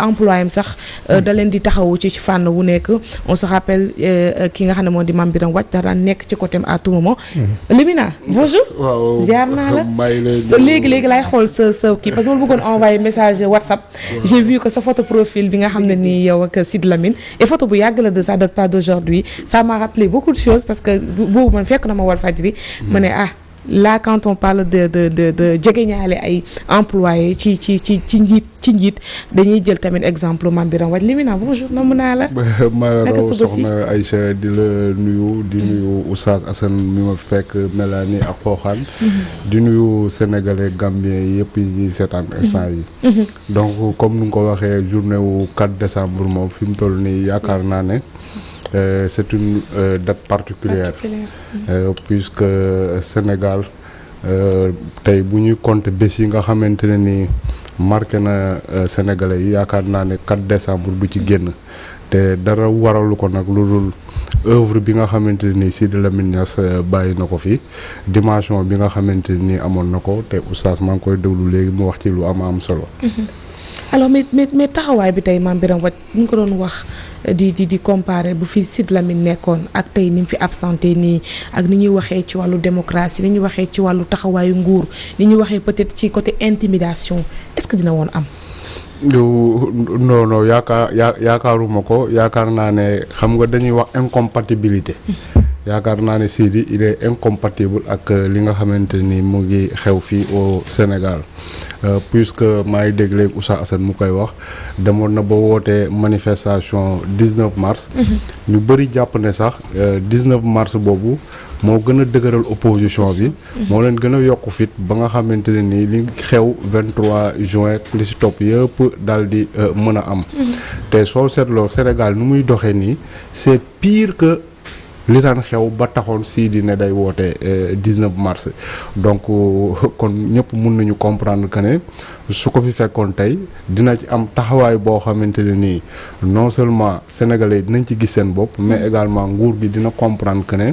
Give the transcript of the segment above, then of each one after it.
emploi am sax euh, da leen di taxawu ci ci fànn wu nekk on se rappelle euh, ki nga xam ne moo di mam Birame Wathie da daan nekk ci côté à tout moment mm-hmm. na bonjour ziar naa la léegi-léegi laay xool sa sa kii parce que ma bëggoon envoyé message WhatsApp je vu que sa photo profil bi nga xam ne ni yow ak Sid Lamine et photo bu yàgg la de ça date pas d'aujourd'hui ça m'a beaucoup de parce que boobu man fekk na ma Walfadjri mm. ma ne ah là quand on parle de de de de jegeñaale ay employé ci ci ci ci njiit ci njiit dañuy jël tamit exemple Mame Birame Wathie Limina bonjour namu naa la. ma raw soxna Aïcha di la nuyu di mm-hmm. nuyu Oustaz Assane mi ma fekk Mélanie ak Xooxaan mm-hmm. di nuyu sénégalais gambien yëpp yi ñuy seetaan mm-hmm. instant yi. donc comme nu nga ko waxee journée wu 4 décembre moom fi mu toll nii yaakaar naa ne. euh, c'est une euh, date particulière, particulière. Euh, puisque euh, Sénégal euh, tey bu ñuy compter bés yi nga xamante ne ni marqué na Sénégalais yi yaakaar naa ne 4 décembre du ci génn te dara waralu ko nag lu dul œuvre bi nga xamante ne nii Sidi Lamine Niass bàyyi na ko fii dimension bi nga xamante ne nii amoon na ko te oustaz maa ngi koy déglu léegi mu wax ci lu am am solo. Mhm. alors mais mais mais taxawaay bi tey maam Birame Wathie bu ñu ko doon wax di di di comparer bu fi Sidy Lamine nekkoon ak tey ni mu fi absenté nii ak ni ñuy waxee ci wàllu démocratie ni ñuy waxee ci wàllu taxawaayu nguur ni ñuy waxee peut-être ci côté intimidation est-ce que dina woon am. non non yaakaar yaa yaakaaruma ko yaakaar naa ne xam nga dañuy wax incompatibilité. yaakaar naa ne Sidy il est incompatible ak euh, li nga xamante ni mu ngi xew fii au Sénégal Euh, puisque maa ngi dégg léegi Oussa Assane mu koy wax demoon na ba wootee manifestation 19 mars. Mhm. ñu bëri jàpp ne sax 19 euh, mars boobu moo gën a dëgëral opposition bi. Mhm. moo leen gën a yokku fit ba nga xamante ne nii li xew 23 juin li topp yëpp daal di euh, mën a am. Mhm. te soo seetloo Sénégal nu muy doxee nii c'est pire que. li daan xew ba taxoon sii di ne day woote 19 euh, mars donc kon ñëpp mun nañu comprendre que ne su ko fi fekkoon tey dina ci am taxawaay boo xamante ne nii non seulement sénégalais yi dinañ ci gis seen bopp mais également nguur gi dina comprendre que ne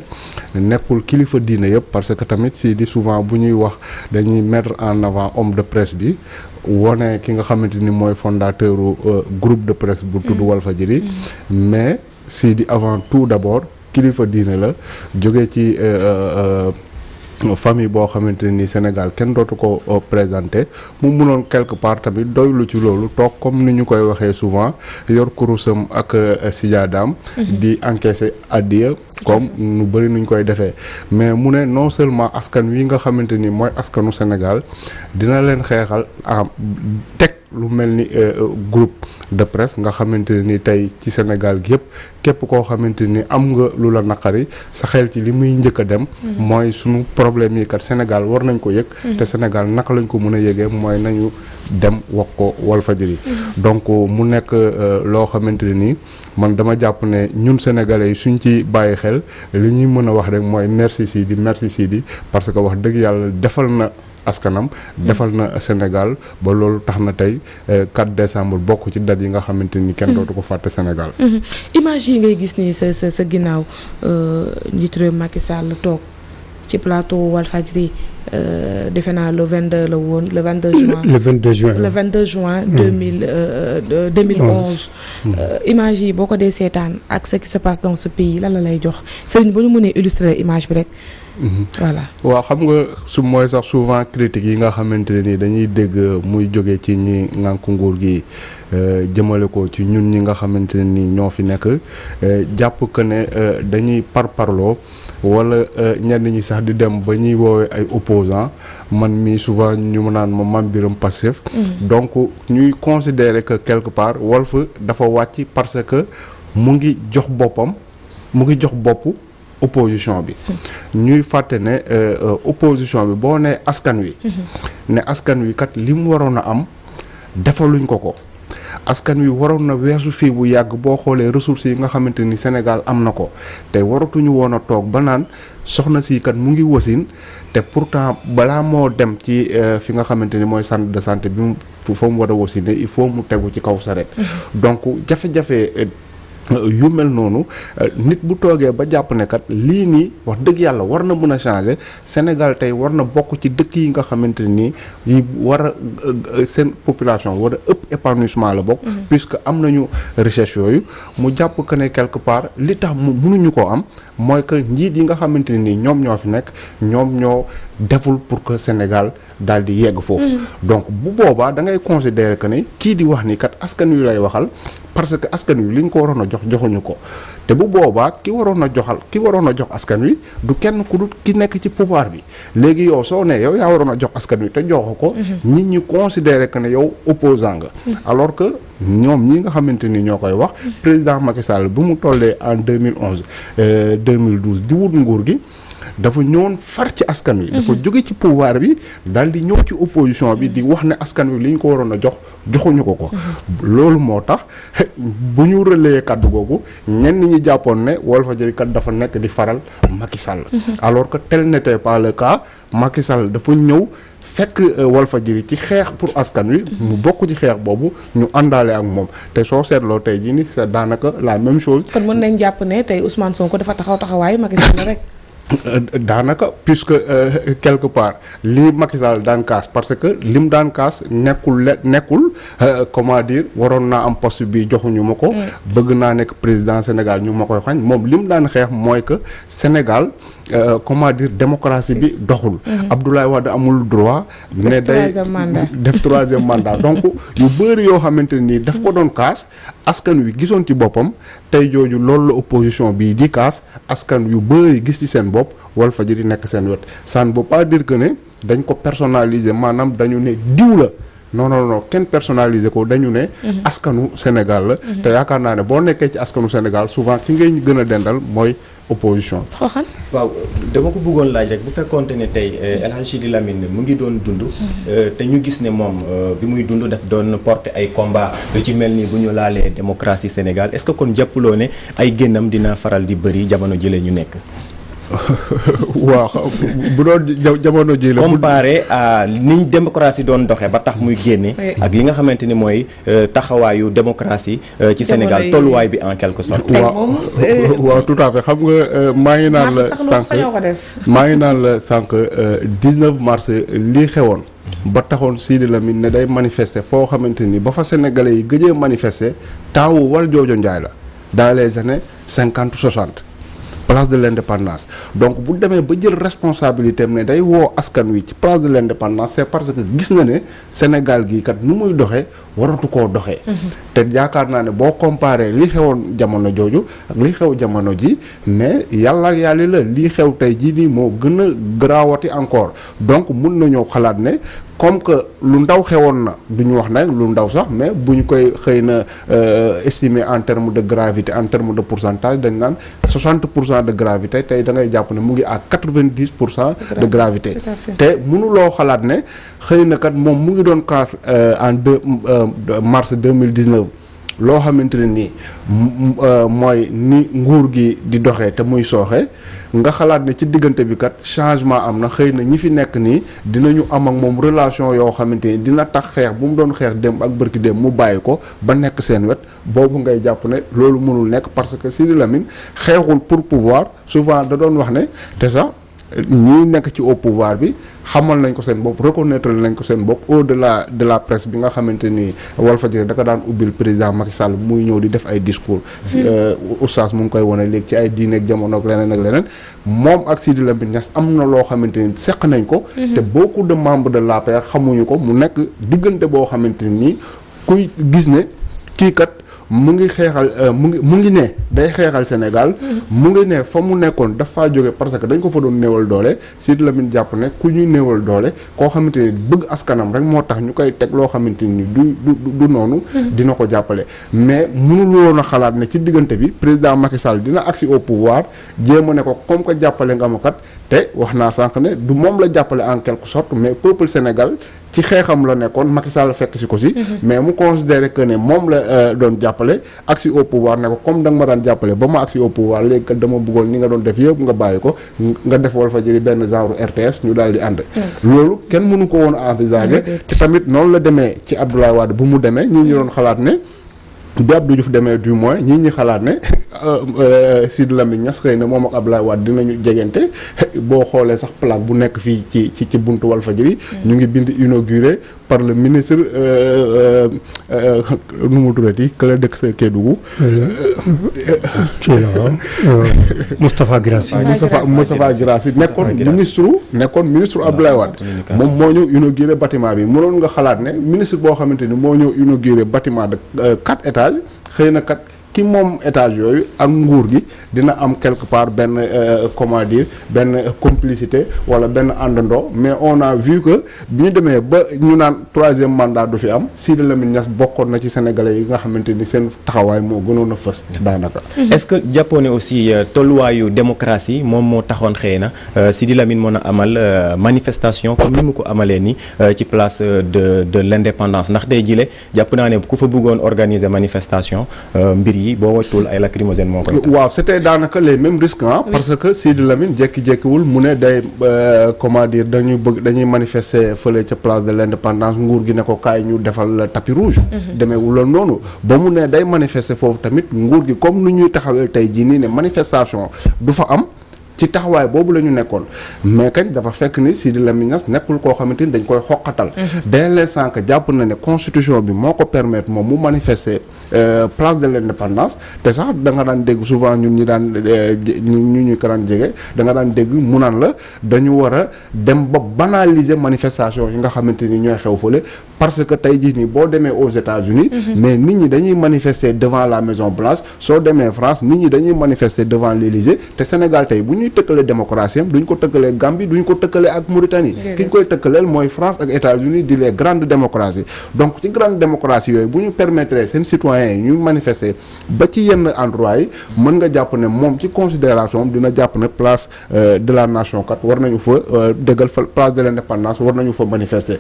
nekkul kilifa diine yëpp parce que tamit sii di souvent bu ñuy wax dañuy mettre en avant homme de presse bi wone ki nga xamante ni mooy fondateur euh, groupe de presse bu tudd mm. Walfadjri mm. mais sii di avant tout d'abord kilifa diine la jóge ci euh, euh, euh, famille boo xamante ni Sénégal kenn dootu ko présenté mu munoon quelque part tamit doylu ci loolu toog comme ni ñu koy waxee souvent yor kurusam ak sijaadaam mhm. di encaisser addiya comme nu bëri nuñ koy defee mais mu ne non seulement askan wi nga xamante ni mooy askanu Sénégal dina leen xeexal lu mel ni euh, groupe de presse nga xamante ni tey ci Sénégal gi yëpp képp koo xamante ni am nga lu la naqari sa xel ci li muy njëkk a dem. Mhm. mooy sunu problème yi kat Sénégal war nañ ko yëg. Mhm. te Sénégal naka lañ ko mën a yëgee mooy nañu dem wax ko Walfadjri mhm. donc euh, mu nekk euh, loo xamante ne nii man dama jàpp ne ñun sénégalais yi suñ ci bàyyi xel li ñuy mën a wax rek mooy merci Sidi merci Sidi parce que wax dëgg yàlla defal na. askanam defal na Sénégal ba loolu tax na tey 4 eh, décembre bokk ci date yi nga xamante ni kenn dootu ko mhm. yi ngay gis nii sa sa sa ginnaaw euh, njiitu réew Macky toog ci plateau Walfadjri Euh, defe naa le 22 la woon le 22 juin le 22 juin le 22 juin. 2000 hmm. euh, 2011. Hmm. Euh, image yi boo ko dee seetaan ak ce qui se passe dans ce pays lan lay jox Serigne bu ñu mënee illustrer image bi rek. voilà waaw xam nga su mooy sax souvent critiques yi nga xamante ne ni dañuy dégg muy jóge ci ñi ngànk nguur gi euh, jëmale ko ci ñun ñi nga xamante ne ni ñoo fi nekk euh, jàpp que ne euh, dañuy par parloo wala ñenn ñi sax di dem ba ñuy woowee ay opposants man mii souvent ñu mu naan ma mam biram passif mm. donc ñuy considérer que quelque part Walf dafa wàcc parce que mu ngi jox boppam mu ngi jox bopp opposition bi ñuy fàtte ne euh, opposition bi boo ne askan wi mm-hmm. ne askan wi kat li mu waroon a am defaluñ ko ko askan wi waroon na weesu fii bu yàgg boo xoolee ressource yi nga xamante ni Sénégal am na ko te waratuñu woon a toog ba naan soxna si kat mu ngi wasin te pourtant balaa moo dem ci euh, fi nga xamante ni mooy centre de santé bi mu fa mu war a wasine il faut mu tegu ci kaw saret mm-hmm. donc jafe-jafe euh, Euh, yu mel noonu euh, nit bu toogee ba jàpp ne kat lii nii wax dëgg yàlla war na mën a changer Sénégal tey war na bokk ci dëkk yi nga xamante nii yi war a euh, seen population war a ëpp épanouissement la bokk mhm. puisque am nañu recherche yooyu mu jàpp que ne quelque part li tax mu mënuñu ko am mooy que njiit yi nga xamante nii ñoom ñoo fi nekk ñoom ñoo deful pour que Sénégal daal di yegg foofu. Mm. donc bu boobaa da ngay considérer que ne kii di wax ni kat askan wi lay waxal parce que askan wi li ñu ko waroon a jox joxuñu ko te bu boobaa ki waroon a joxal ki waroon a jox askan wi du kenn ku dul ki nekk ci pouvoir bi léegi yow soo ne yow yaa waroon a jox askan wi te joxu ko. Mm-hmm. nit ñi considérer que ne yow opposant nga. Mm. alors que ñoom ñi nga xamante ni ñoo koy wax. Mm. président Macky Sall bu mu tollee en 2011 2012 euh, di wut nguur gi. dafa ñëwoon far ci askan wi. dafa mhm. jóge ci pouvoir bi daal di ñëw ci opposition bi di wax ne askan wi li ñu ko waroon a jox joxuñu ko ko. Mhm. loolu moo tax bu ñu relayé kàddu googu ñenn ñi jàppoon ne Walfadjri kat dafa nekk di faral Macky Sall. Mhm. alors que tel n'était pas le cas dafa ñëw. fekk euh, Walfadjri ci xeex pour askan wi mu bokk ci xeex boobu ñu àndaale ak moom te soo seetloo tey jii ni c'est daanaka la même chose kon mën nañ jàpp ne tey soo ko dafa taxaw taxawaayu Macky Euh, daanaka puisque euh, quelque part lii Macky Sall daan kaas parce que lim daan kaas nekkul le nekkul euh, comment dire waroon naa am poste bi joxuñu ma ko. Mm. bëgg naa nekk président Sénégal ñu ma koy xañ moom lim daan xeex mooy que Sénégal. Euh, comment dire démocratie bi doxul mm-hmm. Abdoulaye Wade amul droit ne day def troisième mandat donc yu bëri yoo xamante nii daf ko doon kaas askan wi gisoon ci boppam tey jooju loolu la opposition bii di kaas askan yu bëri gis ci seen bopp fa Walfadjri nekk seen wet ça ne veut pas dire que ne dañ ko personnaliser maanaam dañu ne diw la non non non kenn personnalisé ko dañu ne. Mm-hmm. askanu Sénégal la. Mm-hmm. te yaakaar naa ne boo nekkee ci askanu Sénégal souvent ki ngay gën a dendal mooy. opposition. xooxan waaw dama ko bëggoon laaj rek bu fekkonte ne tey eh, El de Sidi Lamine mu ngi doon dund. Mhm. Eh, te ñu gis ne moom eh, bi muy dund daf doon porter ay combat lu ci mel ni bu ñu laalee démocratie Sénégal est-ce que kon jàppuloo ne ay génnam dina faral di bëri jamono ji la ñu nekk. waaw bu doon jamono ji la. comparé à niñ démocratie doon doxee ba tax muy génne. ak li nga xamante ni mooy euh, taxawaayu démocratie. Euh, ci Sénégal tolluwaay bi en quelque sorte. waaw euh, waaw tout à fait xam nga maa ngi naan la. sànq ngi naan la sànq 19 mars lii xewoon. ba taxoon la Lamine ne day manifester foo xamante ni ba fa sénégalais yi gëjee manifester taawu wal joojo njaay la dans les années cinquante 60. place de l'indépendance donc bu demee ba jël responsabilité am ne day woo askan wi ci place de l'indépendance c'est parce que gis na ne Sénégal gii kat nu muy doxee waratu koo doxee mm-hmm. te yaakaar naa ne boo comparé li xewoon jamono jooju ak li xew jamono ji mais yàlla yàlla la li xew tey jii nii moo gën a garaawati encore donc mun nañoo xalaat ne comme que lu ndaw xewoon na du ñu wax nag lu ndaw sax mais buñ koy xëy na euh, estimer en terme de gravité en terme de pourcentage dañ naan cent de gravité tey da ngay jàpp ne mu ngi à quatre-vingt-dix pour cent de gravité te mënuloo xalaat ne xëy na kat moom mu ngi doon cas euh, en euh, de mars deux mille dix-neuf loo xamante ne nii euh, mooy ni nguur gi di doxee te muy sooxe nga xalaat ne ci diggante bi kat changement am na xëy na ñi fi nekk nii dinañu am ak moom relation yoo xamante ni dina tax xeex bu mu doon xeex dem ak bërki dem mu bàyyi ko ba nekk seen wet boobu ngay jàpp ne loolu mënul nekk parce que Sidi Lamine xeexul pour pouvoir souvent da doon wax ne te sax ñii nekk ci au pouvoir bi xamal nañ ko seen bopp reconnaître nañ ko seen bopp au delà de la presse bi nga xamante ni Walfadjri da ko daan ubbil président Macky muy ñëw di def ay discours. Mm. Euh, oustaz mu ngi koy wane léegi ci ay diine ak jamono ak leneen ak leneen moom ak Sidi Lamine Niass am na loo xamante ni seq nañ ko. Mm-hmm. te beaucoup de membre de la l'APR xamuñu ko mu nekk diggante boo xamante ni kuy gis ne kii kat. mu ngi xeexal euh, mu ngi mu ngi ne day xeexal Sénégal mm-hmm. mu ngi ne fa mu nekkoon dafa jóge parce que dañ ko fa doon néewal doole Sidy Lamine jàpp ne ku ñuy néewal doole koo xamante ne bëgg askanam rek moo tax ñu koy teg loo xamante ni du du du noonu mm-hmm. dina ko jàppale mais mënul woon xalaat ne ci diggante bi président Macky dina agsi au pouvoir jéem a ne ko comme que jàppale nga ma kat te wax naa sànq ne du moom la jàppale en quelque sorte mais peuple Sénégal ci xeexam la nekkoon Macky Sall fekk si ko si. Mhm. mais mu considéré que ne moom la euh, doon jàppale agsi au pouvoir ne ko comme da nga ma daan jàppale ba ma agsi au pouvoir léegi kat dama bëggoon ni nga doon def yëpp nga bàyyi ko nga def Walfadjri benn genre RTS ñu daal di ànd. loolu kenn mënu ko woon envisager. te tamit noonu la demee ci Abdoulaye Wade bu mu demee ñi ñu doon xalaat ne. bi Abdou Diouf demee du moins ñii ñi xalaat ne euh, euh, Sidy Lamine Niass xëy na moom ak Abdoulaye Wade dinañu jegante boo xoolee sax plaque bu nekk fii ci ci ci buntu Walfadjri mm. ñu ngi bind inauguré par le ministre euh, euh, euh, nu mu tuddati kala dëkk sa Kédougou. Ah, Moustapha Guirassy. Moustapha Moustapha Guirassy nekkoon ministre nekkoon ministre Abdoulaye Wade moom moo ñëw inauguré bâtiment bi mënoon nga xalaat ne ministre boo xamante ni moo ñëw inauguré bâtiment de quatre étages xëy na kat. ki moom étage yooyu ak nguur gi dina am quelque part benn euh, comment dire benn complicité wala benn àndandoo mais on a vu que bi ñu demee ba ñu naan troisième mandat du fi am Sidi Lamine Niass bokkoon na ci sénégalais yi nga xamante ni seen taxawaay moo gënoon a fës daanaka. est-ce que jàppoon ne aussi euh, tolluwaayu démocratie moom moo taxoon xëy na euh, Sidi Lamine moon a amal manifestation comme ni mu ko amalee ni ci place de de l'indépendance ndax tey jile jàpp naa ne ku fa bëggoon organiser manifestation mbir yi. yi boo wàccul ay lacrymogène moo koy waaw c'était daanaka les mêmes risques ah parce que Sidi Lamine jékki-jékkiwul mu ne day euh, comment dañuy bëgg dañuy manifester fële ca place de l'indépendance nguur gi ne ko kaay ñu defal tapis rouge mhm. demeewuloon noonu ba mu ne day manifester foofu tamit nguur gi comme nu ñuy taxawee tey jii nii ne manifestation du fa am ci taxawaay boobu la ñu nekkoon mais kañ dafa fekk ni Sidi Lamine Niass nekkul koo xamante ni dañ koy xoqatal mhm. dès l'instant jàpp na ne constitution bi moo ko permettre moom mu manifester euh, place de l'indépendance te sax da nga daan dégg souvent ñun ñi daan euh, ñu ñu ko daan jege da nga daan dégg mu naan la dañu war dem ba banaliser manifestation yi nga xamante ni ñooy xew fële parce que tey jii nii boo demee aux États-Unis mhm. mais nit ñi dañuy manifester devant la Maison Blanche soo demee France nit ñi dañuy manifester devant l'Élysée te Sénégal tey bu ñuy tëkkale démocratie am duñ ko tëkkalee Gambie ko tëkkale ak Mauritanie ki ñu koy tëkkaleel mooy France ak États-Unis di les grandes démocraties donc ci grande démocratie yooyu bu ñu permettre seen citoyens yi ñu manifester ba ci yenn endroit yi mën nga jàpp ne moom ci considération dina jàpp ne place euh, de la nation kat war nañu fa euh, dëggal fa place war nañu fa manifester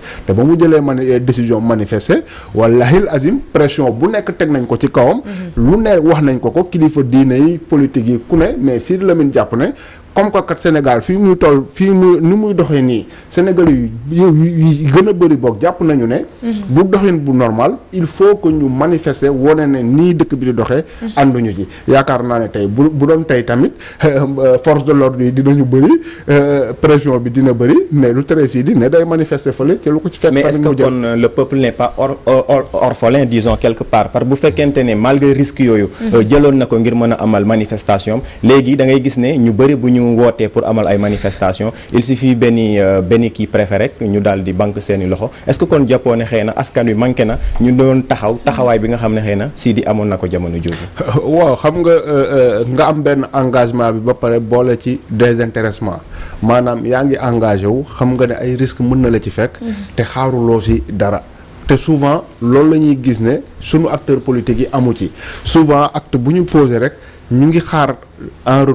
décision manifester wallaahi azim pression bu nekk teg nañ ko ci kawam. Mhm. lu ne wax nañ ko kilifa diine yi politique yi ku ne mais si Lamine jàpp ne. comme que kat Sénégal fii muy toll fii muy ni muy doxee nii Sénégal yu yu gën a bëri boog jàpp nañu ne. Mhm. bu doxin bu normal il faut que ñu manifester wane ne nii dëkk bi di doxee. Mhm. ànduñu ji yaakaar naa ne tey bu bu doon tey tamit euh, force de l'ordre yi ñu bëri euh, pression bi dina bëri mais lu tere si di ne day manifester fële te lu ko ci fekk. mais est-ce que kon euh, le peuple n'est pas bu fekkente ne malgré risque yooyu. Mhm. jëloon na ko ngir mën a amal manifestation léegi da gis ne ñu bëri bu ñu ñu wootee pour amal ay manifestation il suffit benn euh, benn kii préfet rek ñu daal di banque seeni loxo est-ce que kon jàppoo ne xëy na askan wi manqué na ñu doon taxaw taxawaay bi nga xam ne xëy na sii di amoon na ko jamono jooju waaw xam nga euh, euh, nga am benn engagement bi ba pare boole ci désintéressement maanaam yaa ngi engagé wu xam nga ne ay risque mën na la ci fekk mm-hmm. te xaaruloo si dara te souvent loolu la ñuy gis ne sunu acteur politique yi amu ci souvent acte bu ñu posé rek ñu ngi xaar en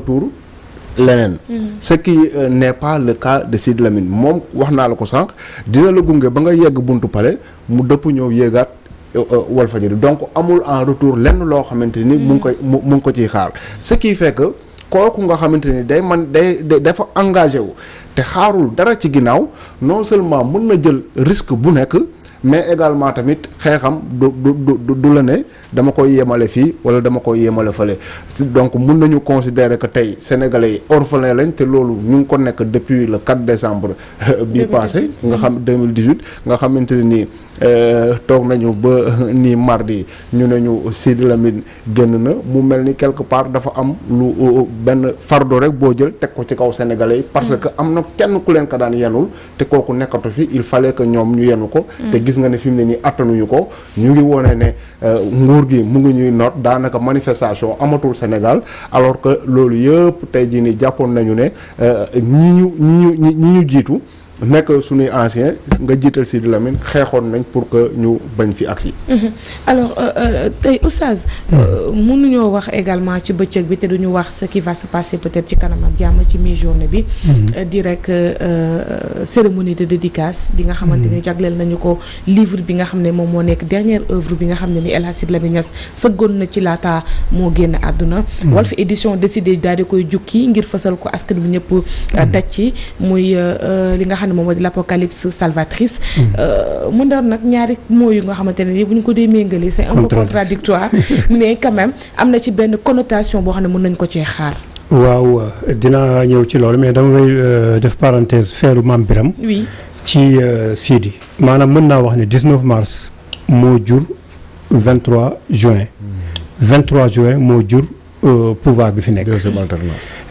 leneen. Mm-hmm. ce qui euh, n'est le cas de Sidy Lamine moom wax naa la ko sànq dina la gunge ba nga yegg buntu pare mu dëpp ñëw yéegaat euh, euh, Walfadjri donc amul en retour lenn loo xamante ni. mu ngi koy mu ngi ko ciy xaar ce qui fait kooku nga xamante ni day man day dafa engagé wu te xaarul dara ci ginnaaw non seulement mën na jël risque bu nekk. mais également tamit xeexam du du du la ne dama koy yemale fii wala dama koy yemale fële donc mun nañu considérer que tey sénégalais yi orphelin lañ te loolu ñu ngi ko nekk depuis le 4 décembre euh, bii passé nga xam 2018 nga xamante ne nii euh, toog nañu ba euh, nii mardi ñu ne ñu Sidi Lamine génn na mu mel ni quelque part dafa am lu benn fardo rek boo jël teg ko ci kaw sénégalais yi parce mm. que am na kenn ku leen ko daan yenul te kooku nekkatu fi il fallait que ñoom ñu yenu ko mm. gis nga ne fi ne nii attanuñu ko ñu ngi wone ne euh, nguur gi mu ngi ñuy not daanaka manifestation amatul Sénégal alors que loolu yëpp tey jii ni jàppoon nañu ne euh, ñi ñu ñi ñu jiitu nekk suñuy ancien nga jiital Sidi Lamine xeexoon nañ pour que ñu bañ fi agsi mhm. alors euh, euh, tey oustaz euh, mënuñoo wax également ci bëccëg bi te duñu wax ce qui va se passer peut-être ci kanam ak jàmm ci mi-journée bi mhm. di rek cérémonie de dédicace bi nga xamante ni mhm. jagleel nañu ko livre bi nga xam ne moom moo nekk dernière œuvre bi nga xam ne ni El Hadj Sidi Lamine Niass sëggoon na ci laata moo génn àdduna Walf édition décidé daal di koy jukki ngir fësal ko askan bi ñëpp daj ci muy li nga xam ne moom moo di l'apocalypse salvatrice. Mm. Euh, mu doon nag ñaari mots yu nga xamante ne nii bu ñu ko dee méngalee. c'est un peu contradictoire mais quand même am na ci benn connotation boo xam ne mën nañu ko cee xaar. waaw dinaa ñëw ci loolu mais damay euh, def parenthèse feeru Mame Birame. oui ci euh, Sidi. maanaam mën naa wax ne 19 mars moo jur 23 juin. 23 mm. juin moo jur pouvoir bi fi nekk.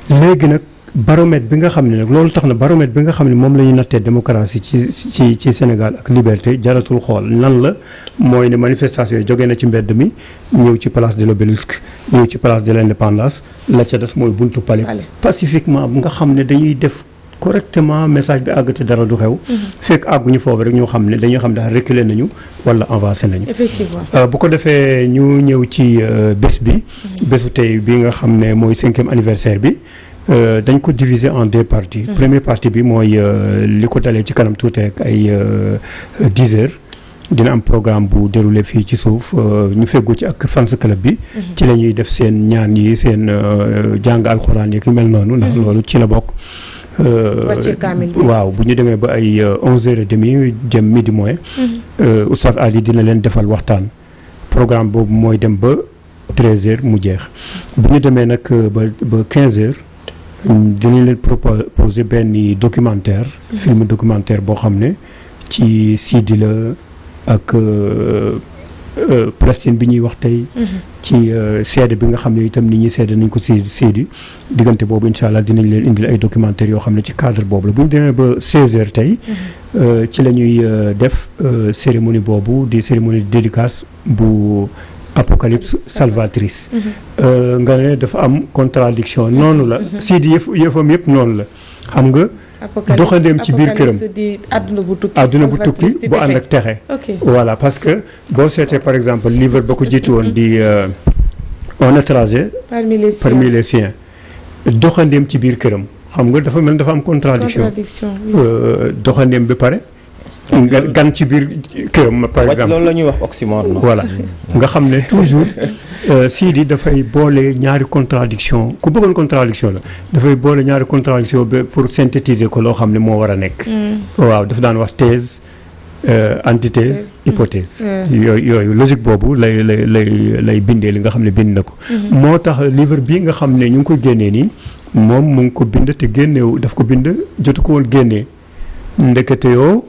léegi nag. baromètre bi nga xam ne nag loolu tax na baromètre bi nga xam ne moom la ñu nattee démocratie ci ci ci Sénégal ak liberté jaratul xool nan la mooy ne manifestation yi jóge na ci mbedd mi ñëw ci place de l'obélisque ñëw ci place de l'indépendance la ca des mooy buntu palais pacifiquement bu nga xam ne dañuy def correctement message bi àggate dara du xew mm-hmm. fekk àgguñu foofu rek ñoo xam ne dañoo xam ne daal reculer nañu wala avancé nañu effectivement euh, bu ko defee ñu ñëw ci euh, bés bi mm-hmm. bésu tey bi nga xam ne mooy cinquième anniversaire bi Euh, dañ ko diviser en deux parties mhm. première partie bi mooy euh, li ko dalee ci kanam tuuti rek ay euh, dix heures dina am programme bu déroulé fii ci suuf ñu feggoo ci ak fans club bi mhm. ci la ñuy def seen ñaan yi seen jàng alxuraan yi ki mel noonu ndax mhm. loolu ci la bokk waaw bu ñu demee ba ay onze heures et demi jëm midi moins oustaz Ali dina leen defal waxtaan programme boobu mooy dem ba treize heures mu jeex bu ñu demee nag ba ba quinze heures dinañ leen proposer benn documentaire mhm. film documentaire boo xam ne ci Sidi la ak euh, euh, Palestine bi ñuy wax tey mhm. ci euh, seede bi nga xam ne itam nit ñi sedd nañ ko si Sidi diggante boobu incha allah dinañ leen indil ay documentaire yoo xam ne ci cadre boobu la bu demee ba 16 heures tey mhm. ci la ñuy def cérémonie boobu di cérémonie de dédicace bu apocalypse salvatrice mhm. euh, nga ne dafa am contradiction noonu la mhm. siidi yëf yëfam yëpp noonu la xam nga doxandeem ci biir këram àdduna bu tukki bu ànd ak texe voilà parce que boo seetee par exemple livre ba ko jiitu woon di on mhm. euh, étranger parmi doxandeem ci biir këram xam nga dafa mel dafa am contradiction euh, doxandeem bi pare nga gan ci biir këram par exemple loolu la ñuy wax oxymore voilà nga xam ne toujours euh, Sidi dafay boole ñaari contradiction ku bëggoon contradiction la dafay boole ñaari contradiction ba pour synthétiser ko loo xam ne moo war a nekk mm. waaw dafa daan wax thèse euh, antithèse mm. hypothèse mm. yooyu yooyu logique boobu lay lay lay bindee li nga xam ne bind na ko mm-hmm. moo tax livre bii nga xam ne ñu ngi koy génnee nii moom mu ngi ko bind te génnewu daf ko bind jotu ko woon génnee ndekete yoo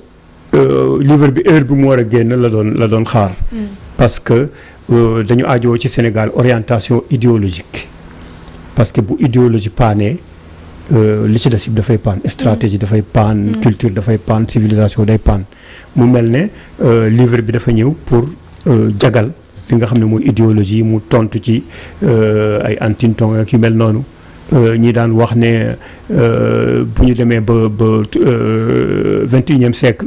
Euh, livre bi heure bi mu war a génn la doon la doon xaar. Hmm. parce que euh, dañu ajoo ci Sénégal orientation idéologique parce que bu idéologie paanee euh, li ci des dafay paan hmm. stratégie dafay paan hmm. culture dafay paan civilisation day paan mu mel ne livre bi dafa ñëw pour jagal li nga xam ne mooy idéologie mu tontu ci ay antinton ak yu mel noonu ñi daan wax ne bu ñu demee ba ba vingt et siècle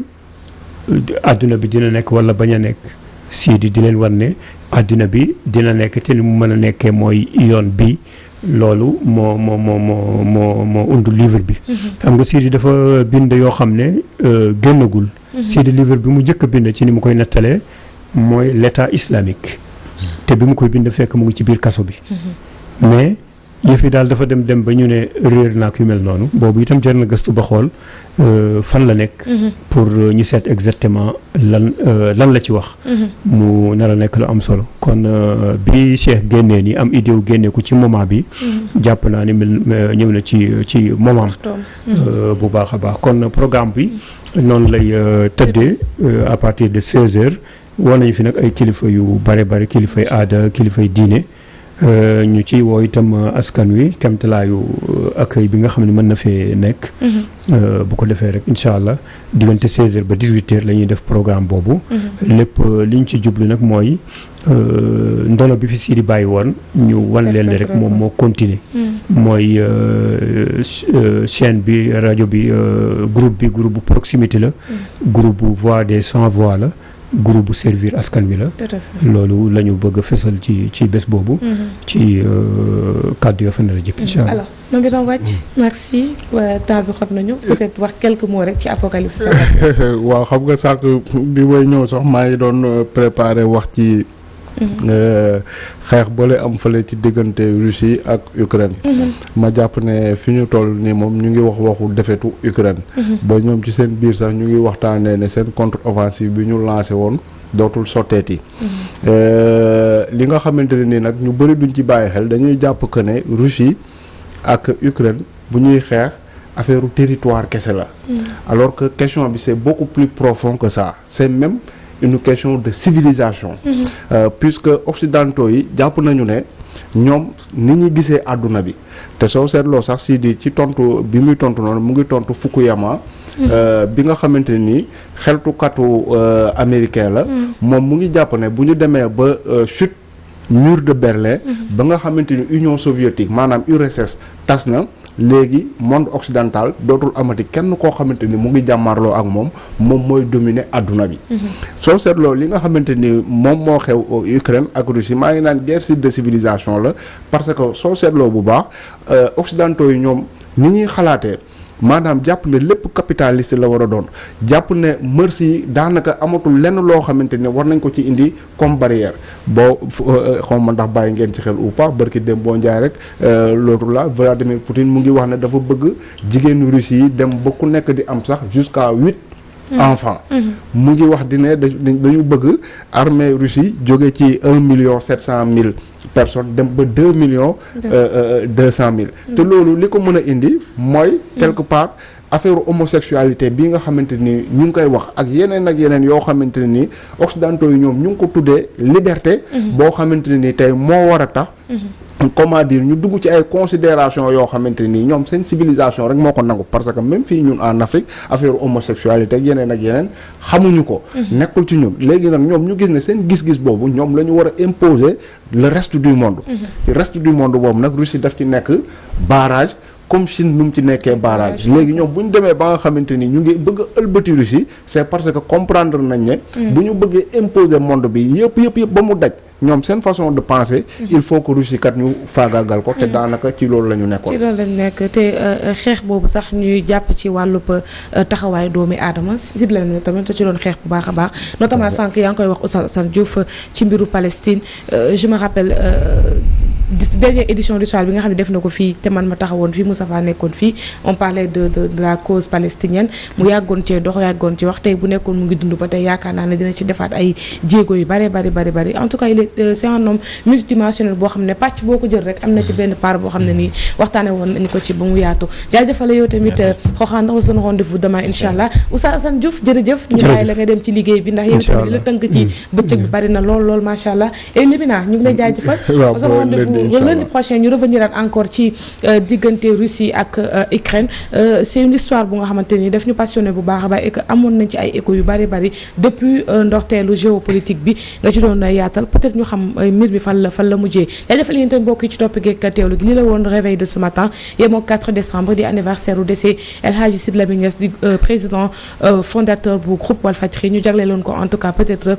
àdduna bi dina nekk wala bañ a nekk Sidi di leen wan ne àddina bi dina nekk te li mu mën a nekkee mooy yoon bi loolu moo moo moo moo moo moo undu livre bi. Mhm. xam nga Sidi dafa bind yoo xam ne euh, génnagul. Mhm. Sidi livre bi mu njëkk a bind ci ni mu koy nettalee mooy l' état islamique. Mhm. te bi mu koy bind fekk mu ngi ci biir kaso bi. mais yëf yi daal dafa dem dem ba ñu ne réer naak yu mel noonu boobu itam jar na gëstu ba xool euh, fan la nekk mhm. pour euh, ñu seet exactement lan euh, lan la ci wax mhm. mu nar a nekk lu am solo kon bi Cheikh génnee ni am idée génnee ko ci moment bi mhm. jàpp naa ni mel ñëw na ci ci moment bu baax a baax kon programme bi noonu lay tëddee à partir de 16 heures war nañu fi nag ay kilifa yu bare bare kilifay aada kilifay diine Euh, ñu ciy woo itam askan wi kemtalaayu euh, accueil bi nga xam ne mën na fee nekk. Mm-hmm. Euh, bu ko defee rek incha allah diggante 16h ba 18h la ñuy def programme boobu. Mm-hmm. lépp li ci jublu nag mooy ndono bi fi Sidi bàyyi woon ñu wan leen rek moom moo continuer mm-hmm. mooy chaîne bi rajo bi groupe bi groupe bu proximité la. groupe bu voix des cent voix la. groupe bu servir askan wi la loolu la ñu bëgg a fësal ci ci bés boobu mm-hmm. ci euh, kàddu yoo fa ne la jëpp incha allah alors ñoo ngi doon wàcc mm. merci temps bi xob nañu peut-être wax quelques mots rek ci apocalypse waaw xam nga sànq bi may ñëw sax maa ngi doon euh, préparé wax ci xeex boole am fële ci diggante Russie ak Ukraine. Mhm. ma jàpp ne fi ñu toll nii moom ñu ngi wax waxu defetu Ukraine. Mhm. ba ñoom ci seen biir sax ñu ngi waxtaanee ne seen contre offensive bi ñu lancé woon dootul sotteet yi mhm. euh, li nga xamante ne nii nag ñu bëri duñ ci bàyyi xel dañuy jàpp que ne Russie ak Ukraine bu ñuy xeex. affaire territoire kese la. alors que question bi c'est beaucoup plus profond que ça seen même. une question de civilisation mhm. euh, puisque occidentaux yi jàpp nañu ne ñoom ni ñuy gisee àdduna bi te soo seetloo sax si di ci tontu bi muy tontu noonu mu ngi tontu fukk Fukuyama mhm. euh, bi nga xamante ni xeltukatu euh, américain la mhm. moom mu ngi jàpp ne bu ñu demee ba euh, chute mur de Berlin ba nga xamante ni Union soviétique maanaam URSS tas na léegi monde occidental dootul amati kenn koo xamante ni mu ngi jàmmaarloo ak moom moom mooy domine adduna bi. Mhm. soo seetloo li nga xamante ni moom moo xew Ukraine ak Russie maa ngi naan guerre de civilisation la parce que soo seetloo bu baax euh, occidentaux yi ñoom ni ñuy xalaatee. maanaam jàpp ne lépp capitaliste la war a doon jàpp ne merci yi daanaka amatul lenn loo xamante ne war nañ ko ci indi comme barrière boo euh, xaw ma ndax bàyyi ngeen ci xel ou pas barki dem boo njaay rek loolu euh, la Vladimir Poutine mu ngi wax ne dafa bëgg jigéenu Russie yi dem ba ku nekk di am sax jusqu'à huit Mm-hmm. enfants mm-hmm. mu ngi wax di ne dañu bëgg armée russi jóge ci un million sept cent mille personnes dem ba deux millions deux euh, euh, cent mille mm-hmm. te loolu li ko mën a indi mooy quelque part affaire homosexualité bii nga xamante ni ñu ngi koy wax ak yeneen ak yeneen yoo xamante ne ni occidentaux yi ñoom ñu ngi ko tuddee liberté. Mhm. boo xamante ne ni tey moo war a tax. Mhm. comment dire ñu dugg ci ay considération yoo xamante nii ñoom seen civilisation rek moo ko nangu parce que même fii ñun en Afrique affaire homosexualité ak yeneen ak yeneen xamuñu ko mhm. nekkul ci ñun léegi nag ñoom ñu gis ne seen gis-gis boobu ñoom la ñu war a imposer le du monde le reste du boobu nag Russie daf ci nekk barrage comme Chine nu mu ci nekkee barrage léegi ñoom bu ñu demee ba nga xamante ni ñu ngi bëgg a ëlbati Russie c'est parce que comprendre nañ ne mm. bu ñu bëggee imposer monde bi yëpp yëpp yëpp ba mu daj ñoom seen façon de penser mm-hmm. il faut que Russie kat ñu faagaagal ko te mm-hmm. daanaka ci loolu la ñu nekkoon ci loolu lañu nekk te euh, xeex boobu sax ñuy jàpp ci wàllub euh, taxawaay doomi aadama sit la tamit ci doon xeex bu baax a baax notamment sànq yaa ngi koy wax Oustaz Assane Diouf euh, ci mbiru Palestine je me dernière édition du soir bi nga xam ne def na ko fii te man ma taxawoon fii Moustapha nekkoon fii on parlait de de la cause palestinienne mu yàggoon cee dox yàggoon ci wax bu nekkoon mu ngi dund ba tey yaakaar naa ne dina ci defaat ay jéego yu bari bari bari bari en tout cas il est euh, c'est un homme multidimensionnel boo xam ne pàcc boo ko jël rek am na ci benn part boo xam ne nii waxtaane woon nañu ko ci ba mu yaatu jaajëfale yow tamit euh, xooxaan on la nga dem bi ndax yéen tamit la tënk ci mm. bëccëg lundi prochain ñu revenir encore ci euh, diggante Russie ak euh, Ukraine euh, c'est une histoire bu nga xamante ni daf ñu passionné bu baax a baax et que amoon nañ ci ay échos yu bari bari depuis ndorteelu géopolitique bi nga ci doon yaatal peut-être ñu xam mbir mi fan la fan la mujjee yaa defal yéen tamit mbokk ci topp geeg teewlu gi li la woon réveil de ce matin yemoo 4 décembre di anniversaire u décès El Hadji Sidy di président fondateur bu groupe Walfadjri ñu jagleeloon ko en tout cas peut-être